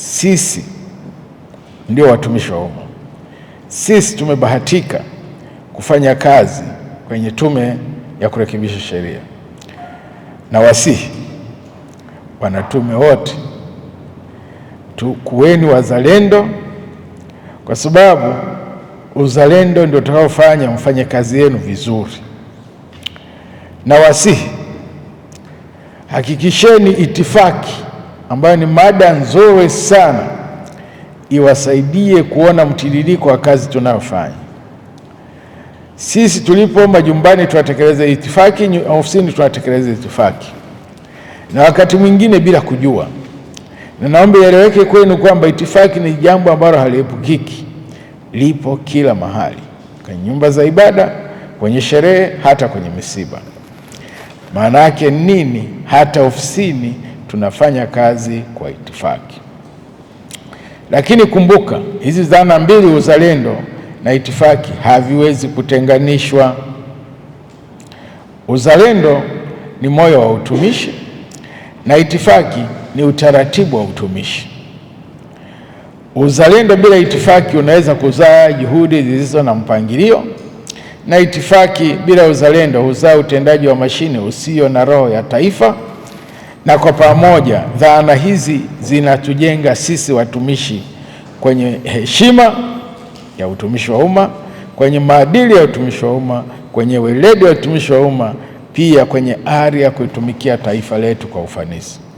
Sisi ndio watumishi wa umma. Sisi tumebahatika kufanya kazi kwenye Tume ya Kurekebisha Sheria, na wanatume wote tu, kuweni wazalendo, kwa sababu uzalendo ndio utakaofanya mfanye kazi yenu vizuri. Na hakikisheni itifaki ambayo ni mada nzuri sana, iwasaidie kuona mtiririko wa kazi tunayofanya sisi. Tulipo majumbani tunatekeleza itifaki, ofisini tunatekeleza itifaki, na wakati mwingine bila kujua, na naomba ieleweke kwenu kwamba itifaki ni jambo ambalo haliepukiki, lipo kila mahali, kwenye nyumba za ibada, kwenye sherehe, hata kwenye misiba. Maana yake nini? Hata ofisini tunafanya kazi kwa itifaki. Lakini kumbuka hizi dhana mbili, uzalendo na itifaki, haviwezi kutenganishwa. Uzalendo ni moyo wa utumishi na itifaki ni utaratibu wa utumishi. Uzalendo bila itifaki unaweza kuzaa juhudi zisizo na mpangilio, na itifaki bila uzalendo huzaa utendaji wa mashine usio na roho ya taifa na kwa pamoja dhana hizi zinatujenga sisi watumishi kwenye heshima ya utumishi wa umma, kwenye maadili ya utumishi wa umma, kwenye weledi wa utumishi wa umma, pia kwenye ari ya kuitumikia taifa letu kwa ufanisi.